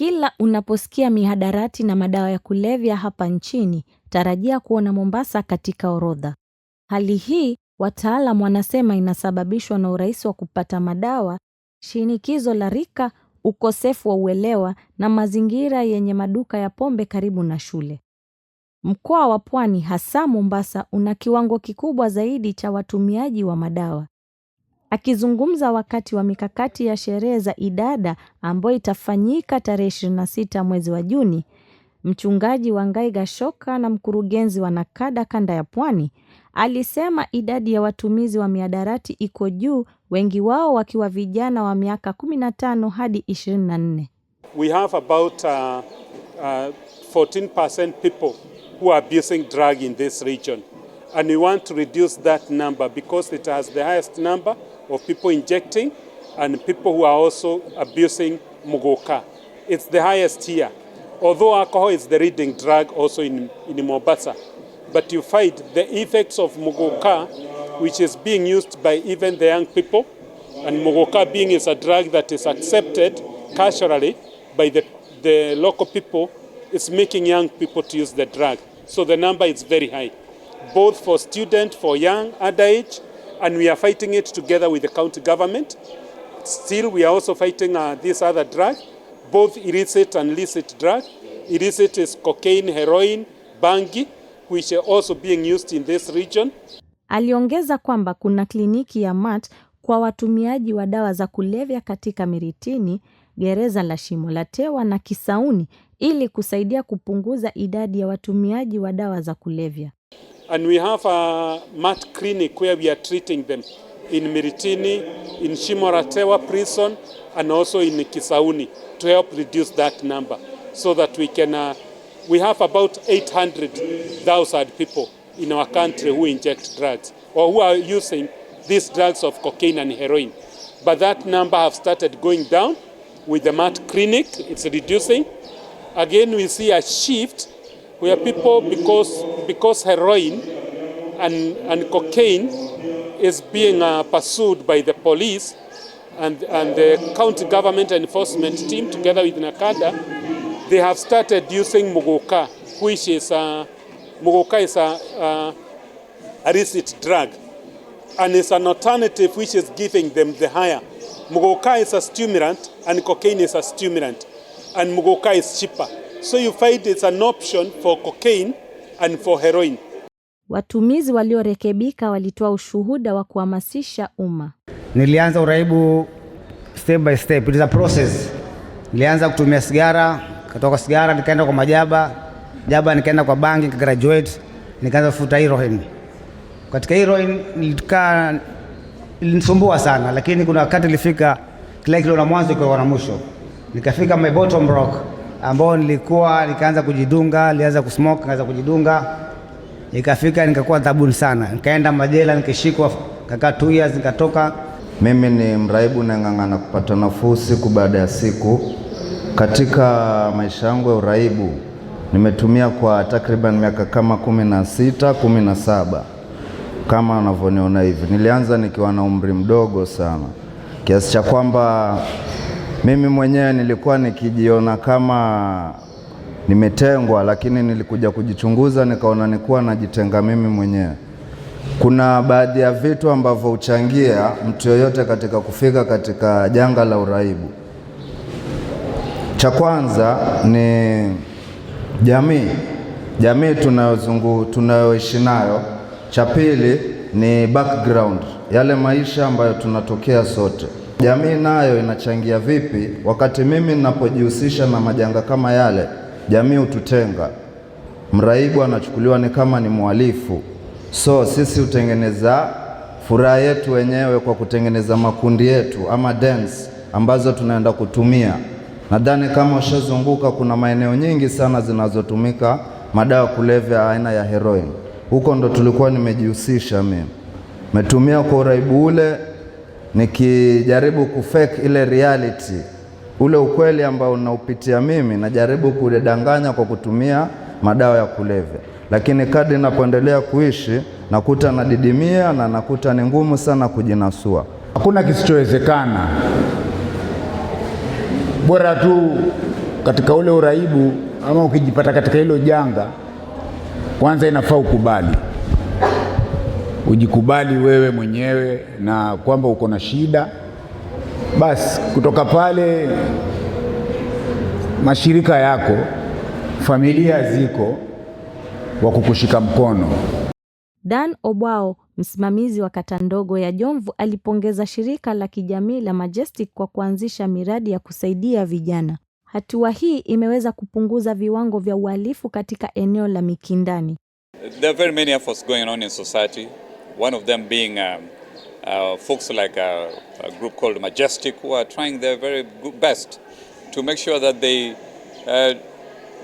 Kila unaposikia mihadarati na madawa ya kulevya hapa nchini, tarajia kuona Mombasa katika orodha. Hali hii wataalam wanasema inasababishwa na urahisi wa kupata madawa, shinikizo la rika, ukosefu wa uelewa na mazingira yenye maduka ya pombe karibu na shule. Mkoa wa Pwani hasa Mombasa una kiwango kikubwa zaidi cha watumiaji wa madawa. Akizungumza wakati wa mikakati ya sherehe za Idada ambayo itafanyika tarehe 26 mwezi wa Juni, Mchungaji wa Wangai Gashoka na mkurugenzi wa Nakada kanda ya Pwani alisema idadi ya watumizi wa miadarati iko juu, wengi wao wakiwa vijana wa miaka 15 hadi 24. We have about uh, uh, 14% people who are abusing drug in this region and we want to reduce that number because it has the highest number of people injecting and people who are also abusing muguka. It's the highest here. Although alcohol is the leading drug also in, in Mombasa, but you find the effects of muguka, which is being used by even the young people, and muguka being is a drug that is accepted culturally by the, the local people, it's making young people to use the drug. So the number is very high, both for student, for young, underage, and we are fighting it together with the county government. Still, we are also fighting uh, this other drug, both illicit and licit drug. Illicit is cocaine, heroin, bangi, which are also being used in this region. Aliongeza kwamba kuna kliniki ya MAT kwa watumiaji wa dawa za kulevya katika Miritini, gereza la Shimo la Tewa na Kisauni ili kusaidia kupunguza idadi ya watumiaji wa dawa za kulevya. And we have a mat clinic where we are treating them in Miritini, in Shimoratewa prison, and also in Kisauni to help reduce that number so that we can, uh, we have about 800,000 people in our country who inject drugs or who are using these drugs of cocaine and heroin. But that number have started going down with the MAT clinic, it's reducing. Again, we see a shift where people, because because heroin and, and cocaine is being uh, pursued by the police and, and the county government enforcement team together with Nakada, they have started using muguka, which is a, uh, muguka is a, a illicit drug and it's an alternative which is giving them the higher. Muguka is a stimulant and cocaine is a stimulant and muguka is cheaper. So you find it's an option for cocaine and for heroin. Watumizi waliorekebika walitoa ushuhuda wa kuhamasisha umma. Nilianza uraibu step by step, it is a process. Nilianza kutumia sigara, katoka sigara nikaenda kwa majaba jaba, nikaenda kwa bangi, nikagraduate, nikaanza kufuta heroin. Katika heroin nilikaa, ilinisumbua sana, lakini kuna wakati ilifika kila kilo na mwanzo kwa na mwisho, nikafika my bottom rock ambao nilikuwa nikaanza kujidunga, nilianza kusmoke, nikaanza kujidunga, nikafika nikakuwa tabuni sana, nikaenda majela, nikishikwa, kaka two years, nikatoka. Mimi ni mraibu nang'ang'ana kupata nafuu siku baada ya siku. Katika maisha yangu ya uraibu nimetumia kwa takriban miaka kama kumi na sita kumi na saba kama unavyoniona hivi. Nilianza nikiwa na umri mdogo sana kiasi cha kwamba mimi mwenyewe nilikuwa nikijiona kama nimetengwa, lakini nilikuja kujichunguza nikaona nikuwa najitenga mimi mwenyewe. Kuna baadhi ya vitu ambavyo huchangia mtu yoyote katika kufika katika janga la uraibu. Cha kwanza ni jamii, jamii tunayozungu tunayoishi nayo. Cha pili ni background, yale maisha ambayo tunatokea sote. Jamii nayo inachangia vipi? Wakati mimi ninapojihusisha na majanga kama yale, jamii hututenga. Mraibu anachukuliwa ni kama ni mhalifu. So sisi hutengeneza furaha yetu wenyewe kwa kutengeneza makundi yetu ama dance ambazo tunaenda kutumia. Nadhani kama ushazunguka, kuna maeneo nyingi sana zinazotumika madawa kulevya aina ya heroin. Huko ndo tulikuwa nimejihusisha mimi, metumia kwa uraibu ule nikijaribu kufake ile reality, ule ukweli ambao naupitia mimi, najaribu kudanganya kwa kutumia madawa ya kulevya, lakini kadri napoendelea kuishi nakuta nadidimia na nakuta ni ngumu sana kujinasua. Hakuna kisichowezekana, bora tu katika ule uraibu ama ukijipata katika hilo janga, kwanza inafaa ukubali ujikubali wewe mwenyewe na kwamba uko na shida, basi kutoka pale mashirika yako, familia ziko wa kukushika mkono. Dan Obwao msimamizi wa kata ndogo ya Jomvu alipongeza shirika la kijamii la Majestic kwa kuanzisha miradi ya kusaidia vijana. Hatua hii imeweza kupunguza viwango vya uhalifu katika eneo la Mikindani. There are very many efforts going on in society. one of them being um, uh, folks like a, a, group called Majestic, who are trying their very best to make sure that they uh,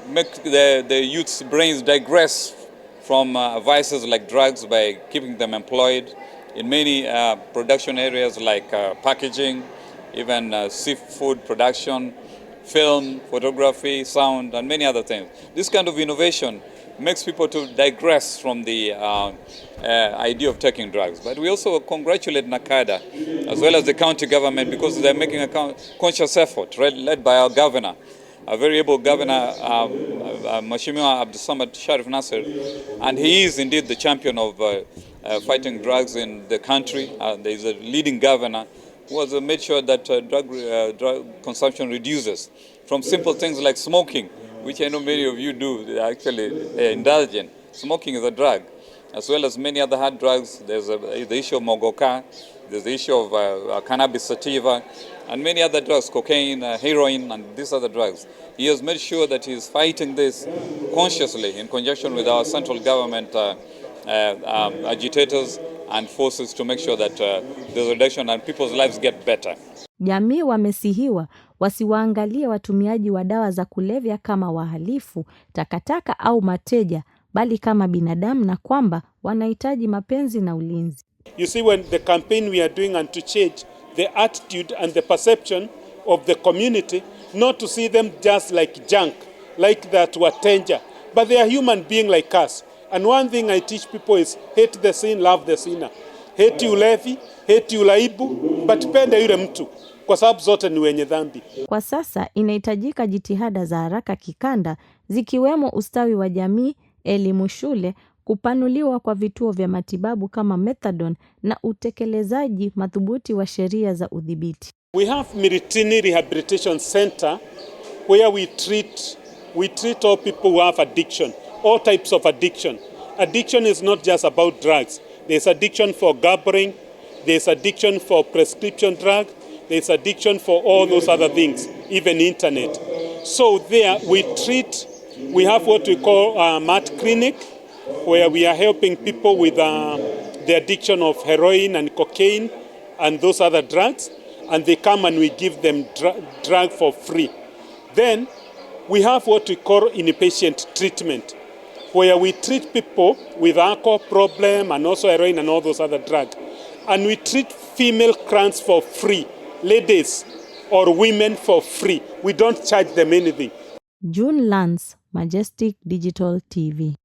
make the, the youth's brains digress from uh, vices like drugs by keeping them employed in many uh, production areas like uh, packaging, even uh, seafood production, film, photography, sound, and many other things. This kind of innovation makes people to digress from the uh, uh, idea of taking drugs. But we also congratulate NACADA as well as the county government because they're making a conscious effort led by our governor, a very able governor, um, uh, Mashimiwa Abdusamad Sharif Nasser, and he is indeed the champion of uh, uh, fighting drugs in the country. Uh, is a leading governor who has made sure that drug, drug consumption reduces from simple things like smoking which I know many of you do actually uh, indulgent. Smoking is a drug, as well as many other hard drugs. There's a, the issue of mogoka, there's the issue of uh, uh, cannabis sativa, and many other drugs, cocaine, uh, heroin, and these other drugs. He has made sure that he is fighting this consciously in conjunction with our central government uh, uh, um, agitators and forces to make sure that uh, there's reduction and people's lives get better. Jamii wamesihiwa wasiwaangalie watumiaji wa dawa za kulevya kama wahalifu, takataka au mateja, bali kama binadamu na kwamba wanahitaji mapenzi na ulinzi. You see when the campaign we are doing and to change the attitude and the perception of the community not to see them just like junk like that were danger but they are human being like us and one thing I teach people is hate the sin love the sinner hate hate but penda yule mtu kwa sababu zote ni wenye dhambi. Kwa sasa inahitajika jitihada za haraka kikanda, zikiwemo ustawi wa jamii, elimu shule, kupanuliwa kwa vituo vya matibabu kama methadone na utekelezaji madhubuti wa sheria za udhibiti. We have Miritini Rehabilitation Center where we treat, we treat all people who have addiction, all types of addiction. Addiction is not just about drugs. There's addiction for gambling, there's addiction for prescription drugs there's addiction for all those other things, even internet. So there we treat, we have what we call a MAT clinic, where we are helping people with uh, the addiction of heroin and cocaine and those other drugs, and they come and we give them dr- drug for free. Then we have what we call inpatient treatment, where we treat people with alcohol problem and also heroin and all those other drugs, and we treat female clients for free ladies or women for free. We don't charge them anything. June Lance, Majestic Digital TV.